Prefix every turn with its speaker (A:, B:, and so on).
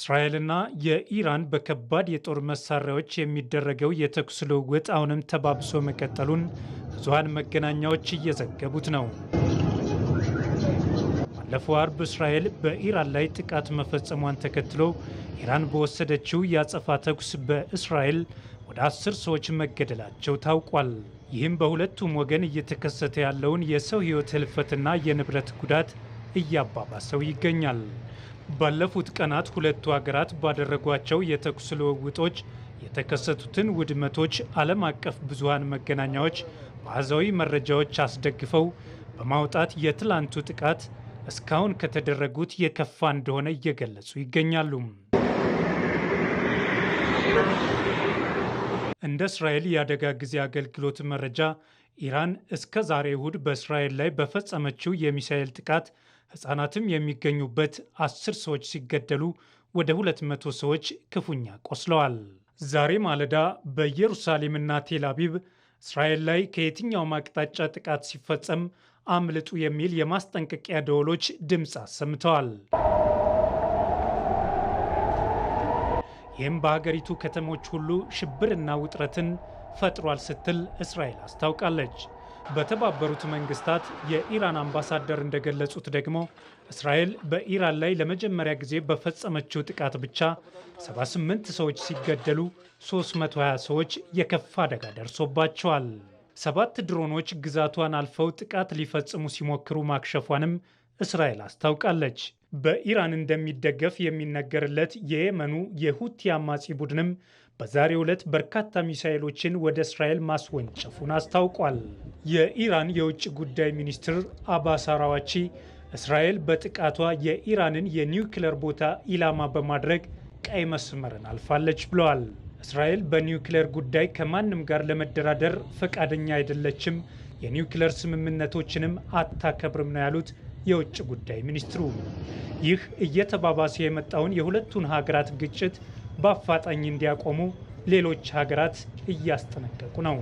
A: እስራኤልና የኢራን በከባድ የጦር መሳሪያዎች የሚደረገው የተኩስ ልውውጥ አሁንም ተባብሶ መቀጠሉን ብዙሃን መገናኛዎች እየዘገቡት ነው። ባለፈው አርብ እስራኤል በኢራን ላይ ጥቃት መፈጸሟን ተከትሎ ኢራን በወሰደችው የአጸፋ ተኩስ በእስራኤል ወደ አስር ሰዎች መገደላቸው ታውቋል። ይህም በሁለቱም ወገን እየተከሰተ ያለውን የሰው ሕይወት ህልፈትና የንብረት ጉዳት እያባባሰው ይገኛል። ባለፉት ቀናት ሁለቱ ሀገራት ባደረጓቸው የተኩስ ልውውጦች የተከሰቱትን ውድመቶች ዓለም አቀፍ ብዙሃን መገናኛዎች በአሃዛዊ መረጃዎች አስደግፈው በማውጣት የትላንቱ ጥቃት እስካሁን ከተደረጉት የከፋ እንደሆነ እየገለጹ ይገኛሉ። እንደ እስራኤል የአደጋ ጊዜ አገልግሎት መረጃ ኢራን እስከ ዛሬ እሁድ በእስራኤል ላይ በፈጸመችው የሚሳኤል ጥቃት ሕፃናትም የሚገኙበት አስር ሰዎች ሲገደሉ ወደ ሁለት መቶ ሰዎች ክፉኛ ቆስለዋል። ዛሬ ማለዳ በኢየሩሳሌምና ቴል እስራኤል ላይ ከየትኛውም አቅጣጫ ጥቃት ሲፈጸም አምልጡ የሚል የማስጠንቀቂያ ደወሎች ድምፅ አሰምተዋል። ይህም በሀገሪቱ ከተሞች ሁሉ ሽብርና ውጥረትን ፈጥሯል ስትል እስራኤል አስታውቃለች። በተባበሩት መንግስታት የኢራን አምባሳደር እንደገለጹት ደግሞ እስራኤል በኢራን ላይ ለመጀመሪያ ጊዜ በፈጸመችው ጥቃት ብቻ 78 ሰዎች ሲገደሉ 320 ሰዎች የከፋ አደጋ ደርሶባቸዋል። ሰባት ድሮኖች ግዛቷን አልፈው ጥቃት ሊፈጽሙ ሲሞክሩ ማክሸፏንም እስራኤል አስታውቃለች። በኢራን እንደሚደገፍ የሚነገርለት የየመኑ የሁቲ አማጺ ቡድንም በዛሬው ዕለት በርካታ ሚሳኤሎችን ወደ እስራኤል ማስወንጨፉን አስታውቋል። የኢራን የውጭ ጉዳይ ሚኒስትር አባስ አራዋቺ እስራኤል በጥቃቷ የኢራንን የኒውክለር ቦታ ኢላማ በማድረግ ቀይ መስመርን አልፋለች ብለዋል። እስራኤል በኒውክለር ጉዳይ ከማንም ጋር ለመደራደር ፈቃደኛ አይደለችም፣ የኒውክለር ስምምነቶችንም አታከብርም ነው ያሉት የውጭ ጉዳይ ሚኒስትሩ። ይህ እየተባባሰ የመጣውን የሁለቱን ሀገራት ግጭት በአፋጣኝ እንዲያቆሙ ሌሎች ሀገራት እያስጠነቀቁ ነው።